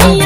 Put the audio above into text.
Oh.